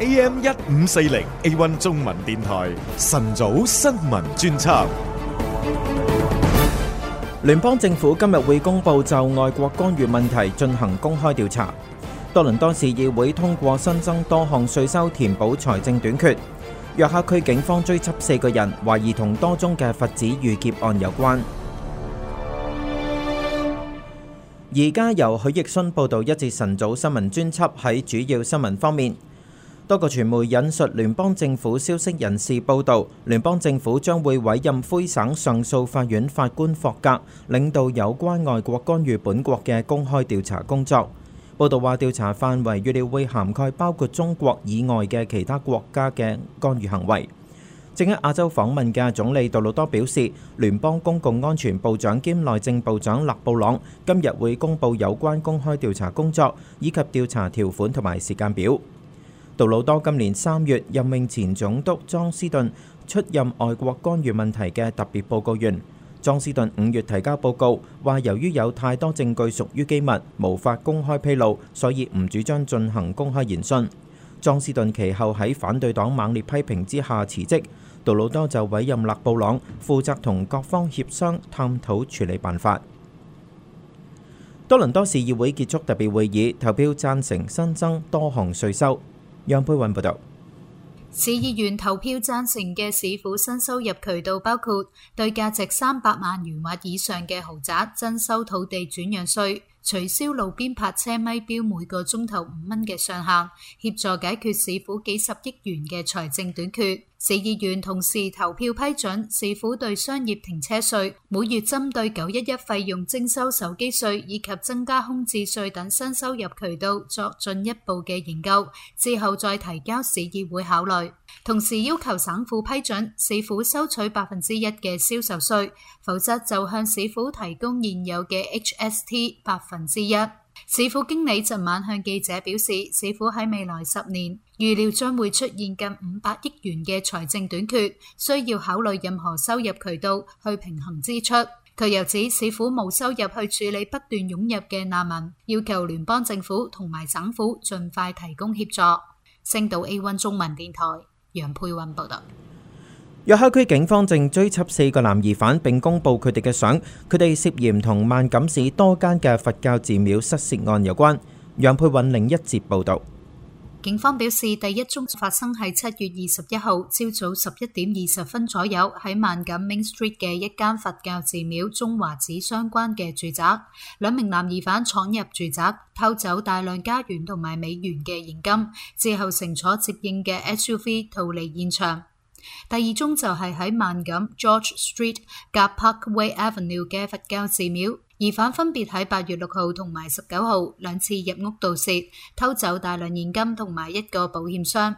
AM 一五四零 A One 中文電台晨早新聞專輯。聯邦政府今日會公布就外國干預問題進行公開調查。多倫多市議會通過新增多項稅收，填補財政短缺。約克區警方追緝四個人，懷疑同多宗嘅佛子遇劫案有關。而家由許奕迅報道，一節晨早新聞專輯喺主要新聞方面。多個傳媒引述聯邦政府消息人士報導，聯邦政府將會委任魁省上訴法院法官霍格領導有關外國干預本國嘅公開調查工作。報導話，調查範圍預料會涵蓋包括中國以外嘅其他國家嘅干預行為。正喺亞洲訪問嘅總理杜魯多表示，聯邦公共安全部長兼內政部長勒布朗今日會公布有關公開調查工作以及調查條款同埋時間表。杜魯多今年三月任命前總督莊斯頓出任外國干預問題嘅特別報告員。莊斯頓五月提交報告，話由於有太多證據屬於機密，無法公開披露，所以唔主張進行公開聆訊。莊斯頓其後喺反對黨猛烈批評之下辭職。杜魯多就委任勒布朗負責同各方協商，探討處理辦法。多倫多市議會結束特別會議，投票贊成新增多項稅收。楊佩韻報道，市議員投票贊成嘅市府新收入渠道包括對價值三百萬元或以上嘅豪宅徵收土地轉讓稅。取消路邊泊車咪標每個鐘頭五蚊嘅上限，協助解決市府幾十億元嘅財政短缺。市議員同時投票批准市府對商業停車稅、每月針對九一一費用徵收手機稅，以及增加空置稅等新收入渠道作進一步嘅研究，之後再提交市議會考慮。同時要求省府批准市府收取百分之一嘅銷售稅，否則就向市府提供現有嘅 HST 百分之一。市府經理昨晚向記者表示，市府喺未來十年預料將會出現近五百億元嘅財政短缺，需要考慮任何收入渠道去平衡支出。佢又指市府冇收入去處理不斷湧入嘅難民，要求聯邦政府同埋省府盡快提供協助。星島 A1 中文電台。楊佩韻報道，約克區警方正追緝四個男疑犯，並公布佢哋嘅相。佢哋涉嫌同萬錦市多間嘅佛教寺廟失竊案有關。楊佩韻另一節報道。警方表示，第一宗發生喺七月二十一號朝早十一點二十分左右，喺萬錦 Main Street 嘅一間佛教寺廟中華寺相關嘅住宅，兩名男疑犯闖入住宅，偷走大量加元同埋美元嘅現金，之後乘坐接應嘅 SUV 逃離現場。第二宗就係喺萬錦 George Street 及 Parkway Avenue 嘅佛教寺廟。疑犯分別喺八月六號同埋十九號兩次入屋盜竊，偷走大量現金同埋一個保險箱。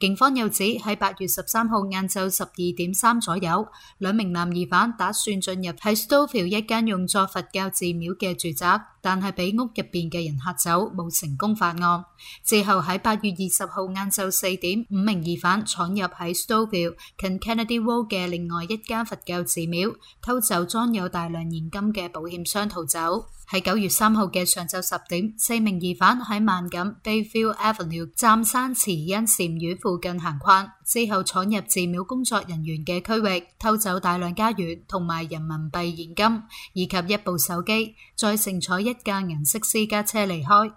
警方又指喺八月十三號晏晝十二點三左右，兩名男疑犯打算進入喺 Stouffville 一間用作佛教寺廟嘅住宅。但係俾屋入邊嘅人嚇走，冇成功犯案。之後喺八月二十號晏晝四點，五名疑犯闖入喺 Stouffville 近 Kennedy Road 嘅另外一間佛教寺廟，偷走裝有大量現金嘅保險箱逃走。喺九月三號嘅上晝十點，四名疑犯喺萬錦 Bayview Avenue 湛山慈恩禪院附近行竄，之後闖入寺廟工作人員嘅區域，偷走大量家俬同埋人民幣現金，以及一部手機，再乘坐一一架銀色私家車離開，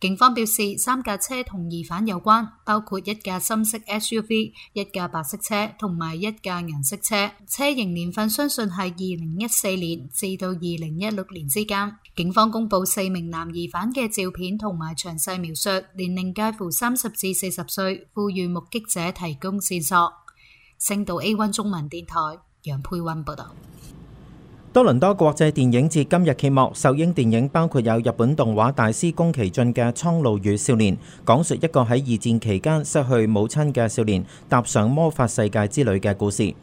警方表示三架車同疑犯有關，包括一架深色 SUV、一架白色車同埋一架銀色車，車型年份相信係二零一四年至到二零一六年之間。警方公佈四名男疑犯嘅照片同埋詳細描述，年齡介乎三十至四十歲，呼籲目擊者提供線索。星島 A1 中文電台楊佩溫報道。多倫多國際電影節今日揭幕，首映電影包括有日本動畫大師宮崎駿嘅《蒼鷺與少年》，講述一個喺二戰期間失去母親嘅少年，踏上魔法世界之旅嘅故事。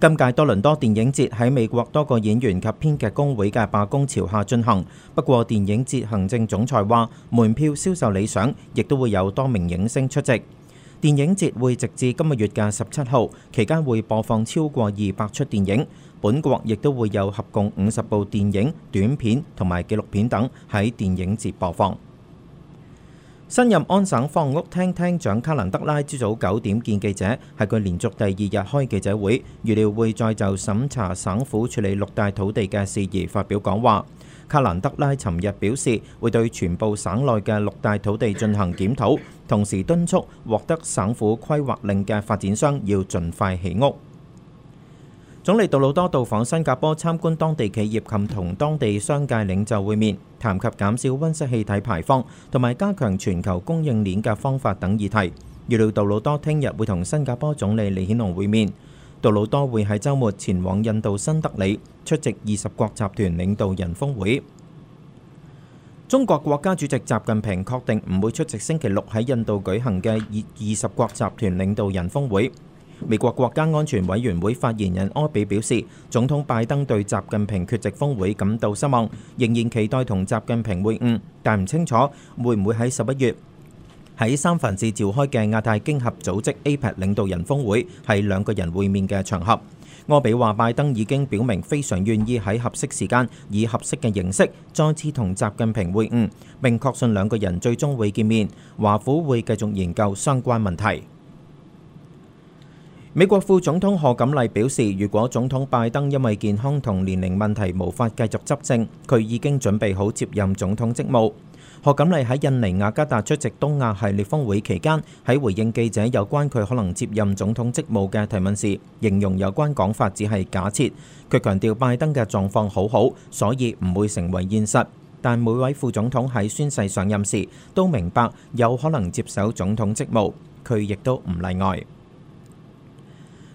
今屆多倫多電影節喺美國多個演員及編劇工會嘅罷工潮下進行，不過電影節行政總裁話門票銷售理想，亦都會有多名影星出席。電影節會直至今個月嘅十七號，期間會播放超過二百出電影。本國亦都會有合共五十部電影、短片同埋紀錄片等喺電影節播放。新任安省房屋廳廳長卡蘭德拉朝早九點見記者，係佢連續第二日開記者會，預料會再就審查省府處理六大土地嘅事宜發表講話。卡蘭德拉尋日表示，會對全部省內嘅六大土地進行檢討，同時敦促獲得省府規劃令嘅發展商要盡快起屋。總理杜魯多到訪新加坡參觀當地企業，及同當地商界領袖會面，談及減少溫室氣體排放同埋加強全球供應鏈嘅方法等議題。預料杜魯多聽日會同新加坡總理李顯龍會面。杜魯多會喺週末前往印度新德里出席二十國集團領導人峰會。中國國家主席習近平確定唔會出席星期六喺印度舉行嘅二二十國集團領導人峰會。美國國家安全委員會發言人柯比表示，總統拜登對習近平缺席峰會感到失望，仍然期待同習近平會晤，但唔清楚會唔會喺十一月。喺三藩市召開嘅亞太經合組織 APEC 領導人峰會係兩個人會面嘅場合。柯比話，拜登已經表明非常願意喺合適時間以合適嘅形式再次同習近平會晤，並確信兩個人最終會見面。華府會繼續研究相關問題。美國副總統賀錦麗表示，如果總統拜登因為健康同年齡問題無法繼續執政，佢已經準備好接任總統職務。賀錦麗喺印尼雅加達出席東亞系列峰會期間，喺回應記者有關佢可能接任總統職務嘅提問時，形容有關講法只係假設。佢強調拜登嘅狀況好好，所以唔會成為現實。但每位副總統喺宣誓上任時，都明白有可能接手總統職務，佢亦都唔例外。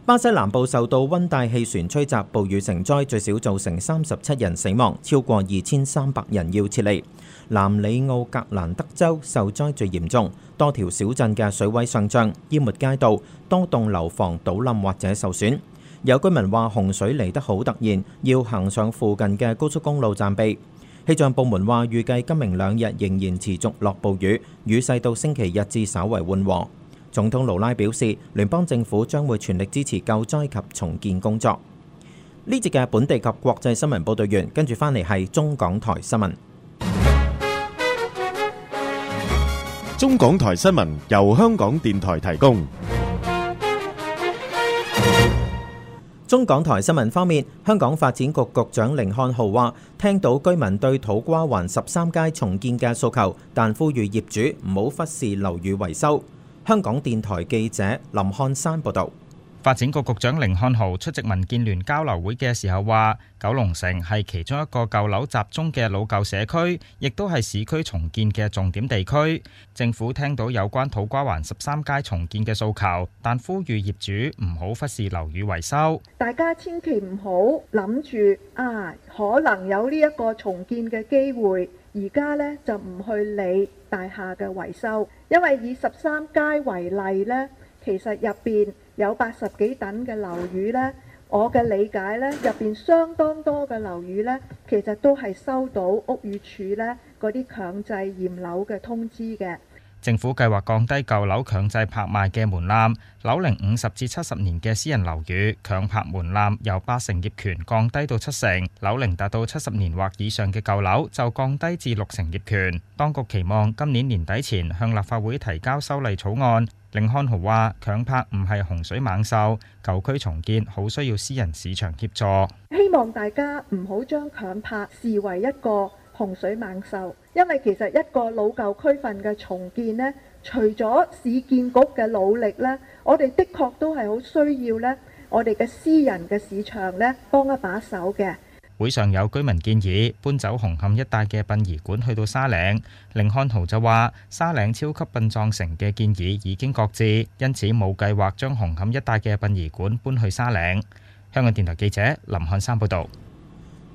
巴西南部受到溫帶氣旋吹襲，暴雨成災，最少造成三十七人死亡，超過二千三百人要撤離。南里奧格蘭德州受災最嚴重，多條小鎮嘅水位上漲，淹沒街道，多棟樓房倒冧或者受損。有居民話洪水嚟得好突然，要行上附近嘅高速公路暫避。氣象部門話預計今明兩日仍然持續落暴雨，雨勢到星期日至稍為緩和。總統盧拉表示，聯邦政府將會全力支持救災及重建工作。呢節嘅本地及國際新聞，報道員，跟住翻嚟係中港台新聞。中港台新聞由香港電台提供。中港台新聞方面，香港發展局局長甯漢豪話：聽到居民對土瓜灣十三街重建嘅訴求，但呼籲業主唔好忽視樓宇維修。香港電台記者林漢山報道。發展局局長凌漢豪出席民建聯交流會嘅時候話，九龍城係其中一個舊樓集中嘅老舊社區，亦都係市區重建嘅重點地區。政府聽到有關土瓜灣十三街重建嘅訴求，但呼籲業主唔好忽視樓宇維修。大家千祈唔好諗住啊，可能有呢一個重建嘅機會，而家呢就唔去理大廈嘅維修，因為以十三街為例呢，其實入邊。有八十幾等嘅樓宇咧,我嘅理解咧，入邊相當多嘅樓宇咧，其實都係收到屋宇署咧嗰啲強制驗樓嘅通知嘅。政府計劃降低舊樓強制拍賣嘅門檻，樓齡五十至七十年嘅私人樓宇強拍門檻由八成業權降低到七成，樓齡達到七十年或以上嘅舊樓就降低至六成業權。當局期望今年年底前向立法會提交修例草案。令漢豪話：強拍唔係洪水猛獸，舊區重建好需要私人市場協助。希望大家唔好將強拍視為一個洪水猛獸，因為其實一個老舊區份嘅重建呢，除咗市建局嘅努力呢，我哋的確都係好需要呢，我哋嘅私人嘅市場呢，幫一把手嘅。會上有居民建議搬走紅磡一帶嘅殯儀館去到沙嶺，凌漢豪就話沙嶺超級殯葬城嘅建議已經擱置，因此冇計劃將紅磡一帶嘅殯儀館搬去沙嶺。香港電台記者林漢山報導。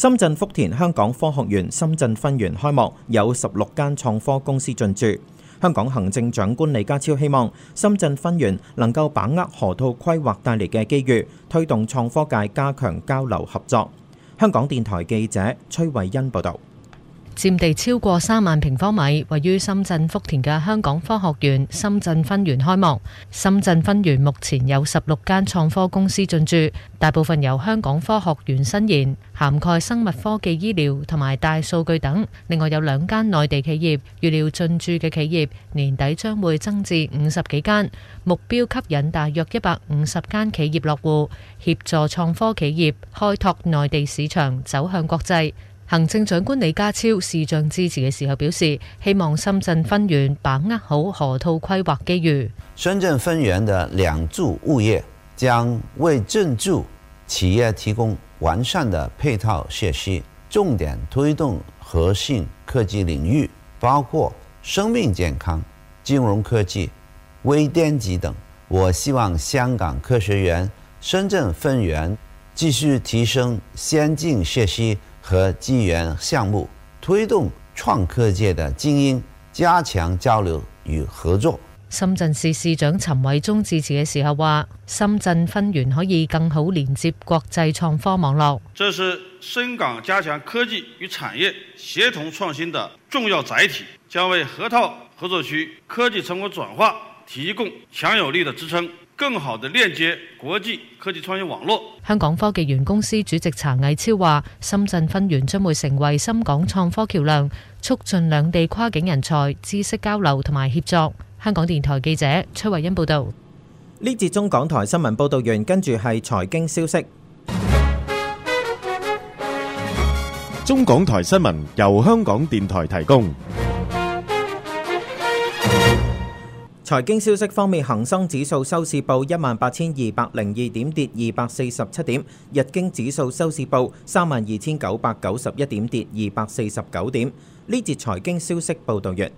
深圳福田香港科學園深圳分園開幕，有十六間創科公司進駐。香港行政長官李家超希望深圳分園能夠把握河套規劃帶嚟嘅機遇，推動創科界加強交流合作。香港電台記者崔慧欣報道。佔地超過三萬平方米，位於深圳福田嘅香港科學園深圳分園開幕。深圳分園目前有十六間創科公司進駐，大部分由香港科學園新研，涵蓋生物科技、醫療同埋大數據等。另外有兩間內地企業。預料進駐嘅企業年底將會增至五十幾間，目標吸引大約一百五十間企業落戶，協助創科企業開拓內地市場，走向國際。行政長官李家超視像致辭嘅時候表示，希望深圳分院把握好河套規劃機遇。深圳分院的兩座物業將為進駐企業提供完善的配套設施，重點推動核心科技領域，包括生命健康、金融科技、微電子等。我希望香港科學園深圳分院繼續提升先進設施。和資源項目，推動創科界的精英加強交流與合作。深圳市市長陳偉忠致辭嘅時候話，深圳分園可以更好連接國際創科網絡，這是深港加強科技與產業協同創新的重要載體，將為河套合作區科技成果轉化提供強有力的支撐。更好的鏈接國際科技創業網絡。香港科技園公司主席查毅超話，深圳分園將會成為深港創科橋樑，促進兩地跨境人才、知識交流同埋協作。香港電台記者崔慧欣報道。呢節中港台新聞報道完，跟住係財經消息。中港台新聞由香港電台提供。財經消息方面，恆生指數收市報一萬八千二百零二點，跌二百四十七點；日經指數收市報三萬二千九百九十一點，跌二百四十九點。呢節財經消息報道完。